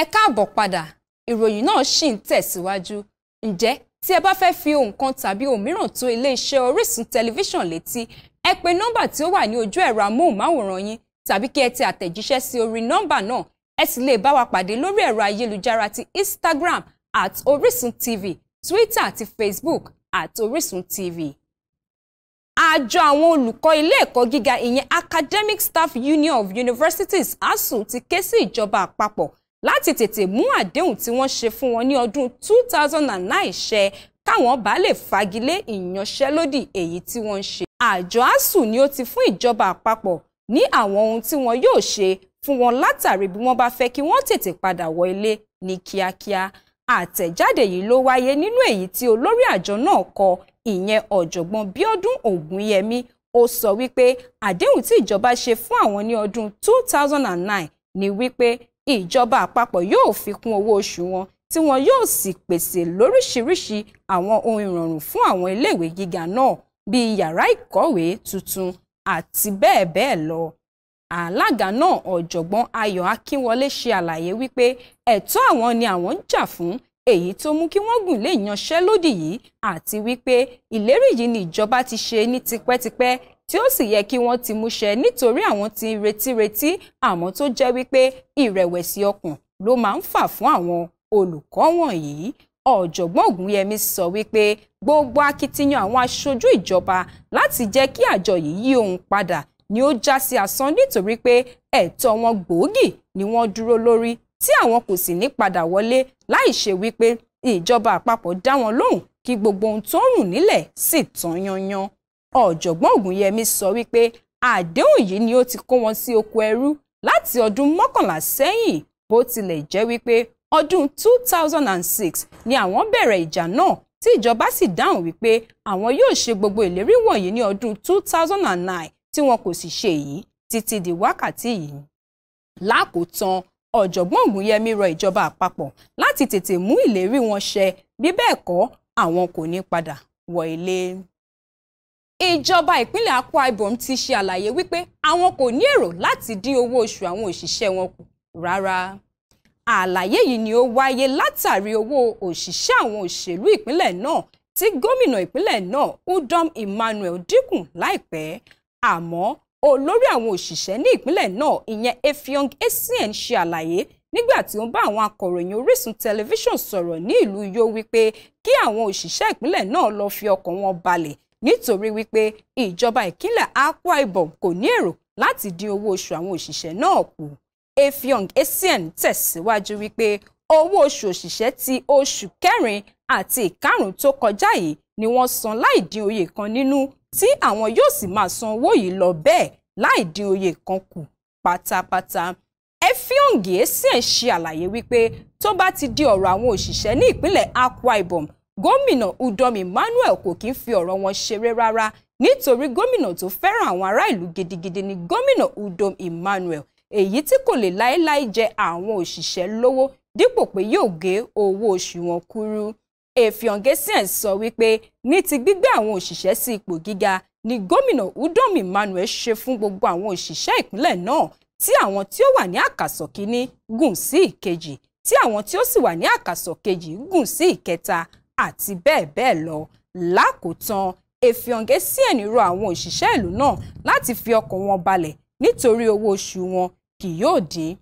ẹ káàbọ̀ padà ìròyìn náà ṣì ń tẹ̀síwájú ǹjẹ́ tí ẹ bá fẹ́ fi ohun kan tàbí ohun mìíràn tó iléeṣẹ́ Orísun tẹlifíṣàn létí ẹ pè nọ́mbà tí ó wà ní ojú ẹ̀rọ amóhùnmáwòrán yín tàbí kí ẹ ti àtẹ̀jíṣẹ́ sí orí nọ́mbà náà ẹ sì lè bá wa pàdé lórí ẹ̀rọ ayélujára ti Instagram at Orisun TV Twitter àti Facebook at Orisun TV. Àjọ àwọn olùkọ́ ilé ẹ̀kọ́ gíga ìyẹn Academic Staff Union of Universities ASUU ti ké sí ìjọba àpapọ̀ láti tètè mú àdéhùn tí wọ́n ṣe fún wọn ní ọdún 2009 ṣẹ káwọn bá lè fagilé ìyanṣẹ́lódì èyí tí wọ́n ń ṣe. àjọ asuu ni ó ti fún ìjọba àpapọ̀ ní àwọn ohun tí wọn yóò ṣe fún wọn látàrí bí wọ́n bá fẹ́ kí wọ́n tètè padà wọ ilé ní kíákíá àtẹ̀jáde yìí ló wáyé nínú èyí tí olórí àjọ náà kọ ìyẹn ọ̀jọ̀gbọ́n Bíọ́dún Ògúnyẹmí ó sọ wípé àdéhùn tí ìjọba ṣe fún àwọn ní ọdún 2009 ni wípé ìjọba àpapọ̀ yóò fi kún owó oṣù wọn tí wọn yóò sì pèsè lóríṣiríṣi àwọn ohun ìrọ̀rùn fún àwọn iléèwé gíga náà bíi yàrá ìkọ́wé tuntun àti bẹ́ẹ̀ bẹ́ẹ̀ lọ. alága náà ọ̀jọ̀gbọ́n Ayọ̀ Akínwọlé ṣe àlàyé wípé ẹ̀tọ́ àwọn ni àwọn ń jà fún èyí tó mú kí wọ́n gùn lé ìyanṣẹ́lódì yìí àti wípé ìlérí yìí ni ìjọba ti ṣe ní tipẹ́tipẹ́ tí ó sì yẹ kí wọ́n ti múṣẹ nítorí àwọn tí ń retí-retí àmọ́ tó jẹ́ wípé ìrẹ̀wẹ̀sì ọkàn ló máa ń fà fún àwọn olùkọ́ wọ̀nyí ọ̀jọ̀gbọ́n Ògúnyẹmí sọ wípé gbogbo akitiyan àwọn aṣojú ìjọba láti jẹ́ kí àjọ yìí yí òun padà ni ó já sí asán nítorí pé ẹ̀tọ́ wọn gbòógì ni wọ́n dúró lórí tí àwọn kò sì ní padà wọlé láì ṣe wípé ìjọba àpapọ̀ dá wọn lóhùn kí gbogbo ohun tó rùn nílẹ̀ sì tán yanyan ọ̀jọ̀gbọ́n Ògúnyẹmí sọ wípé àdéhùn yìí ni ó ti kó wọn sí oko ẹrú láti ọdún mọ́kànlá sẹ́yìn bó tilẹ̀ jẹ́ wípé ọdún 2006 ni àwọn bẹ̀rẹ̀ ìjà náà tí ìjọba sì dáhùn wípé àwọn yóò ṣe gbogbo ìlérí wọ̀nyí ní ọdún 2009 tí wọn kò sì ṣe èyí títí di wákàtí yìí. lákòótán ọ̀jọ̀gbọ́n Ògúnyẹmí rọ ìjọba àpapọ̀ láti tètè mú ìlérí wọn ṣẹ bí bẹ́ẹ̀ kọ́ àwọn kò ní padà wọ ilé ìjọba ìpínlẹ̀ Akwa Ibom ti ṣe àlàyé wípé àwọn kò ní èrò láti dín owó oṣù àwọn òṣìṣẹ́ wọn kù rárá àlàyé yìí ni ó wáyé látàrí owó òṣìṣẹ́ àwọn òṣèlú ìpínlẹ̀ náà tí gómìnà ìpínlẹ̀ náà Udom Emmanuel dínkù láìpẹ́ àmọ́ olórí àwọn òṣìṣẹ́ ní ìpínlẹ̀ náà ìyẹn Effiong Essien ṣe àlàyé nígbà tí ó ń bá àwọn akọ̀ròyìn Orísun tẹlifíṣàn sọ̀rọ̀ ní ìlú Uyo wípé kí àwọn òṣìṣẹ́ ìpínlẹ̀ náà lọ fi ọkàn wọn balẹ̀ nítorí wípé ìjọba ìpínlẹ̀ Akwa Ibom kò ní èrò láti dín owó oṣù àwọn òṣìṣẹ́ náà kù Effiong Essien tẹ̀síwájú wípé owó oṣù òṣìṣẹ́ ti oṣù kẹrin àti ìkarùn tó kọjá yìí ni wọ́n san láì dín oye kan nínú tí àwọn yóò sì máa san owó yìí lọ bẹ́ẹ̀ láì dín oye kan kù pátápátá Effiong Essien ṣe àlàyé wípé tó bá ti di ọ̀rọ̀ àwọn òṣìṣẹ́ ní ìpínlẹ̀ Akwa Ibom gómìnà Udom Emmanuel kò kí ń fi ọ̀rọ̀ wọn ṣeré rárá nítorí gómìnà tó fẹ́ràn àwọn ará gidigidi ni gómìnà Udom Emmanuel èyí tí kò lè láéláé jẹ àwọn òṣìṣẹ́ lówó dípò pé yóò gé owó oṣù wọn kúrú Effiong sọ wípé ní ti gbígbé àwọn òṣìṣẹ́ sí ipò gíga ni gómìnà Udom Emmanuel ṣe fún gbogbo àwọn òṣìṣẹ́ ìpínlẹ̀ náà tí àwọn tí ó wà ní àkàsọ̀ kínní gùn sí ìkejì tí àwọn tí ó sì wà ní àkàsọ̀ kejì gùn sí ìkẹta àti bẹ́ẹ̀ bẹ́ẹ̀ lọ lákòótán Efiong Essien rọ àwọn òṣìṣẹ́ ìlú náà láti fi ọkàn wọn balẹ̀ nítorí owó oṣù wọn kì yóò dín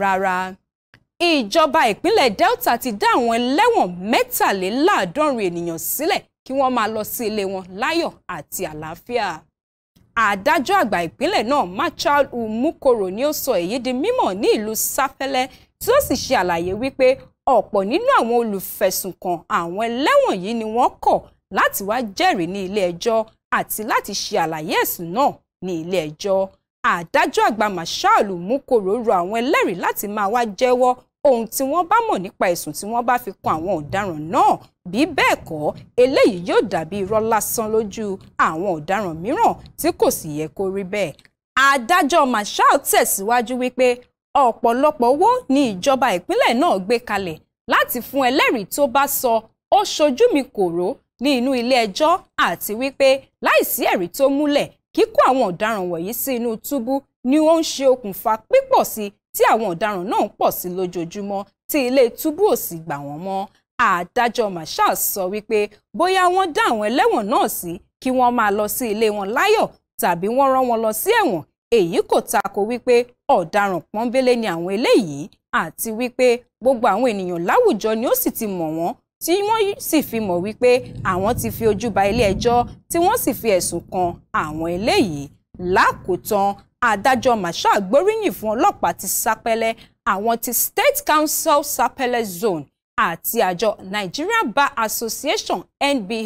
rárá. Ìjọba ìpínlẹ̀ Delta ti dá àwọn ẹlẹ́wọ̀n mẹ́tàléláàádọ́rin ènìyàn sílẹ̀ kí wọ́n máa lọ sí ilé wọn láyọ̀ àti àlàáfíà. Adájọ́ àgbà ìpínlẹ̀ náà Machal Umukoro ni ó sọ èyí di mímọ̀ ní ìlú Sáfẹ́lẹ́ tí ó sì ṣe àlàyé wípé ọ̀pọ̀ nínú àwọn olùfẹ̀sùnkàn àwọn ẹlẹ́wọ̀n yìí ni wọ́n kọ̀ láti wá jẹ́rìí ní ilé ẹjọ́ àti láti ṣe àlàyé ẹ̀sùn náà ní ilé ẹjọ́ adájọ́ àgbà màṣáàlù Mukoro rọ àwọn ẹlẹ́rìí láti máa wá jẹ́wọ́ ohun tí wọ́n bá mọ̀ nípa ẹ̀sùn tí wọ́n bá fi kan àwọn ọ̀daràn náà bí bẹ́ẹ̀ kọ́ eléyìí yóò dàbí irọ́ lásán lójú àwọn ọ̀daràn mìíràn tí kò sì yẹ kó rí bẹ́ẹ̀ adájọ́ mashal tẹ̀síwájú wípé ọ̀pọ̀lọpọ̀ owó ni ìjọba ìpínlẹ̀ náà gbé kalẹ̀ láti fún ẹlẹ́rìí tó bá sọ ó ṣojú mi kò ró ní inú ilé ẹjọ́ àti wípé láìsí ẹ̀rí tó múlẹ̀ kíkó àwọn ọ̀daràn wọ̀nyí sí inú túbú ni ó ń ṣe okùnfà pípọ̀ sí tí àwọn ọ̀daràn náà ń pọ̀ sí lójoojúmọ́ tí ilé túbú ò sì gbà wọ́n mọ́ àdájọ́ marshal sọ wípé bóyá wọ́n dá àwọn ẹlẹ́wọ̀n náà sí kí wọ́n máa lọ sí ilé wọn láyọ̀ tàbí wọ́n rán wọn lọ sí ẹ̀wọ̀n èyí kò tako wípé ọ̀daràn pọ́nbélé ni àwọn eléyìí àti wípé gbogbo àwọn ènìyàn láwùjọ ni ó sì ti mọ̀ wọ́n tí wọ́n sì fi mọ̀ wípé àwọn ti fi ojú ba ilé ẹjọ́ tí wọ́n sì fi ẹ̀sùn kan àwọn eléyìí lákòótán adájọ́ masha gbóríyìn fún ọlọ́pàá ti sápẹ́lẹ́ àwọn ti state council sápẹ́lẹ́ zone àti àjọ Nigeria bar association nba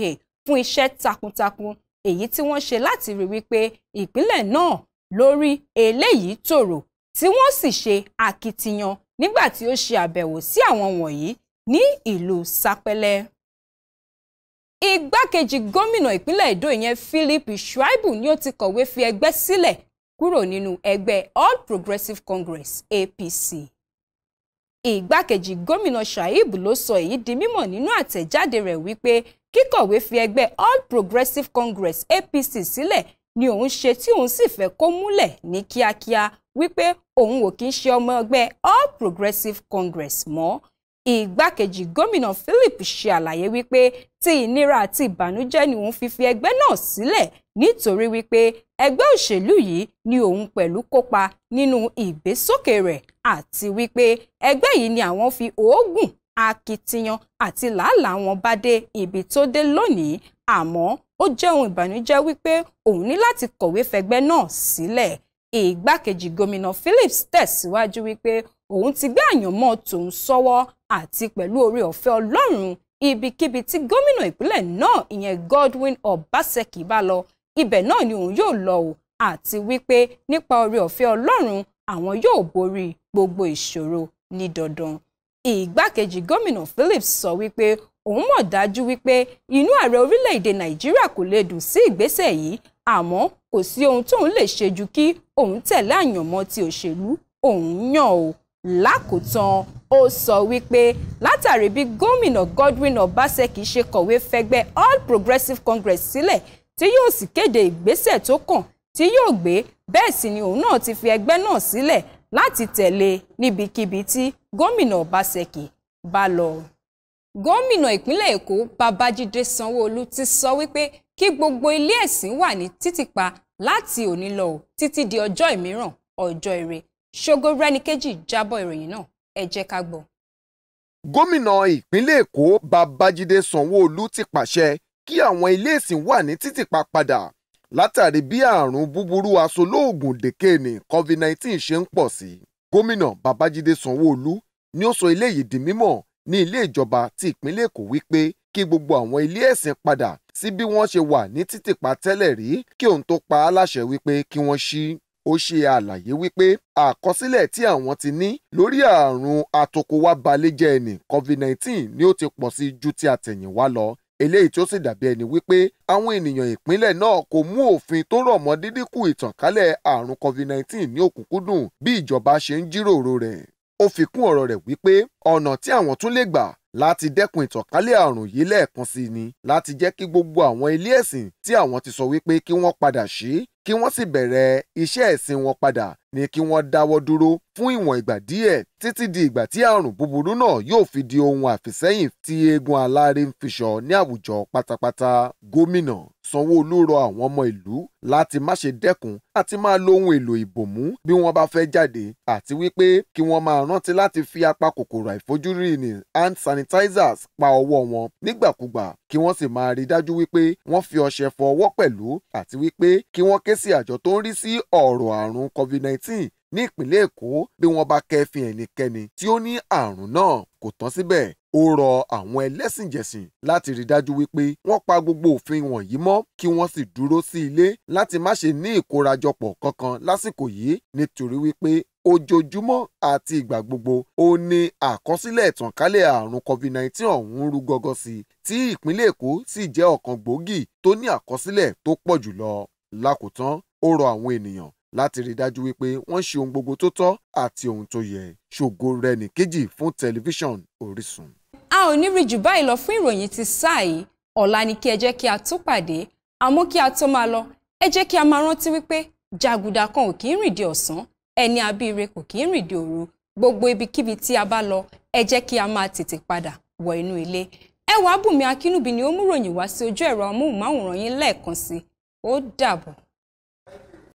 fún iṣẹ́ takuntakun èyí tí wọ́n ṣe láti rí wípé ìpínlẹ̀ náà lórí eléyìí tòrò tí wọ́n sì ṣe akitiyan nígbà tí ó ṣe àbẹ̀wò sí àwọn wọ̀nyí ní ìlú Sápẹ́lẹ́ igbákejì gómìnà ìpínlẹ̀ Èdó ìyẹn Philip Shuaibu ni ó ti kọ̀wé fi ẹgbẹ́ sílẹ̀ kúrò nínú ẹgbẹ́ All Progressives Congress APC igbákejì gómìnà Shuaibu ló sọ èyí di mímọ̀ nínú àtẹ̀jáde rẹ̀ wípé kíkọ̀wé fi ẹgbẹ́ All Progressives Congress APC sílẹ̀ ni òun ṣe tí òun sì fẹ́ kó múlẹ̀ ní kíákíá wípé òun ò kí ń ṣe ọmọ ẹgbẹ́ All Progressive Congress mọ́ ìgbákejì gómìnà Philip ṣe àlàyé wípé tí ìnira àti ìbànújẹ́ ni òun fi fi ẹgbẹ́ náà sílẹ̀ nítorí wípé ẹgbẹ́ òṣèlú yìí ni òun pẹ̀lú kópa nínú ìgbésókè rẹ̀ àti wípé ẹgbẹ́ yìí ni àwọn fi òógùn akitiyan àti làálàá wọn bá dé ibi tó dé lónìí àmọ́ ó jẹ́ ohun ìbànújẹ́ wípé òun ní láti kọ̀wé fẹgbẹ́ náà sílẹ̀ ìgbákejì gómìnà Phillips tẹ̀síwájú wípé òun ti gbé àyànmọ́ tòun sọ́wọ́ àti pẹ̀lú oore ọ̀fẹ́ Ọlọ́run ibikíbi tí gómìnà ìpínlẹ̀ náà ìyẹn Godwin Obaseki bá lọ ibẹ̀ náà ni òun yóò lọ o àti wípé nípa oore ọ̀fẹ́ Ọlọ́run àwọn yóò borí gbogbo ìṣòro ní dandan. Ìgbákejì gómìnà Phillips sọ wípé òun mọ̀ dájú wípé inú ààrẹ orílẹ̀-èdè nàìjíríà kò lè dùn sí ìgbésẹ̀ yìí àmọ́ kò sí ohun tóun lè ṣe ju kí òun tẹ̀lé àyànmọ́ ti òṣèlú òun yàn o lákòótán ó sọ wípé látàrí bí gómìnà Godwin Obaseki ṣe kọ̀wé fẹgbẹ́ All Progressives Congress sílẹ̀ tí yóò sì kéde ìgbésẹ̀ tó kàn tí yóò gbé bẹ́ẹ̀ sì ni òun náà ti fi ẹgbẹ́ náà sílẹ̀ láti tẹ̀lé níbikíbi tí gómìnà Obaseki bá lọ gómìnà ìpínlẹ̀ èkó babájídé sanwóolu ti sọ wípé kí gbogbo ilé ẹ̀sìn wà ní títìpa láti òní lọ ò títí di ọjọ́ ìmíràn ọjọ́ ire ṣogo rẹ́nikejì jábọ̀ ìròyìn náà ẹ jẹ́ ká gbọ́. gómìnà ìpínlẹ̀ èkó babájídé sanwóolu ti pàṣẹ kí àwọn ilé ẹ̀sìn wà ní títìpa padà látàrí bí àrùn búburú asolóògùn dèkéènì covid-19 ṣe ń pọ̀ sí gómìnà babájídé sanwóolu ni ó sọ eléyìí di mímọ̀ ní ilé ìjọba ti ìpínlẹ̀ Èkó wípé kí gbogbo àwọn ilé ẹ̀sìn padà sí bí wọ́n ṣe wà ní títìpa tẹ́lẹ̀ rí kí òun tó pa á láṣẹ wípé kí wọ́n ṣí ó ṣe àlàyé wípé àkọsílẹ̀ tí àwọn ti ní lórí àrùn atokowábalẹ̀jẹ́ ẹni COVID-19 ni ó ti pọ̀ sí ju ti àtẹ̀yìnwá lọ eléyìí tí ó sì dàbí ẹni wípé àwọn ènìyàn ìpínlẹ̀ náà kò mú òfin tó rọ̀ mọ́ dídínkù ìtànkálẹ̀ àrùn COVID-19 ní òkúnkúndùn bí ìjọba ṣe ń jíròrò rẹ̀ ó fi kún ọ̀rọ̀ rẹ̀ wípé ọ̀nà tí àwọn tún lè gbà láti dẹ́kun ìtànkálẹ̀ àrùn yìí lẹ́ẹ̀kan sí ni láti jẹ́ kí gbogbo àwọn ilé ẹ̀sìn tí àwọn ti sọ wípé kí wọ́n padà sí kí wọ́n sì bẹ̀rẹ̀ iṣẹ́ ẹ̀sìn wọn padà ní kí wọ́n dáwọ́ dúró fún ìwọ̀n ìgbà díẹ̀ títí di ìgbà tí àrùn búburú náà yóò fi di ohun àfìsẹ́yìn tí eegun aláre ń fiṣọ ní àwùjọ pátápátá gómìnà sanwó-olu rọ àwọn ọmọ ìlú láti má ṣe dẹ́kun àti máa lo ohun èlò ìbòmú bí wọ́n bá fẹ́ jáde àti wípé kí wọ́n máa rántí láti fi apakòkòrò àìfojúrí ní hand sanitizers pa ọwọ́ wọn nígbàkúgbà kí wọ́n sì máa rí dájú wípé wọ́n fi ọṣẹ fọ ọwọ́ pẹ̀lú àti wípé kí wọ́n ké sí àjọ tó ń rí sí ọ̀rọ̀ àrùn COVID-19 ní ìpínlẹ̀ Èkó bí wọ́n bá kẹ́fìn ẹnikẹ́ni tí ó ní àrùn náà kò tán síbẹ̀ ó rọ àwọn ẹlẹ́sìnjẹ̀sìn láti rí dájú wípé wọ́n pa gbogbo òfin wọ̀nyí mọ́ kí wọ́n sì dúró sí ilé láti má ṣe ní ìkórajọpọ̀ kankan lásìkò yìí nítorí wípé ojoojúmọ́ àti ìgbà gbogbo ó ní àkọsílẹ̀ ìtànkálẹ̀ àrùn covid-19 ọ̀hún rú gọ́gọ́ sí i tí ìpínlẹ̀ èkó sì jẹ́ ọ̀kan gbòógì tó ní àkọsílẹ̀ tó pọ̀ jùlọ lákòótán ó rọ àwọn ènìyàn láti rí dájú wípé wọ́n ṣe ohun gbogbo tó tọ́ àti ohun tó yẹ ṣògo rẹ̀ nìkejì fún tẹlifíṣàn Orísun. a ò ní rí jù báyìí lọ fún ìròyìn ti sáà ọ̀la ni kí ẹ jẹ́ kí a tún pàdé àmọ́ kí a tó máa lọ ẹ jẹ́ kí a máa rántí wípé jàgùdà kan ò kì í rìn di ọ̀sán ẹni abíire kò kí ń rìndè òru gbogbo ibikíbi tí a bá lọ ẹ jẹ́ kí a máa tètè padà wọ inú ilé ẹ wàá bùnmi akínúbi ni ó mú ròyìn wá sí ojú ẹ̀rọ amóhùnmáwòrán yín lẹ́ẹ̀kan sí ó dàbọ̀.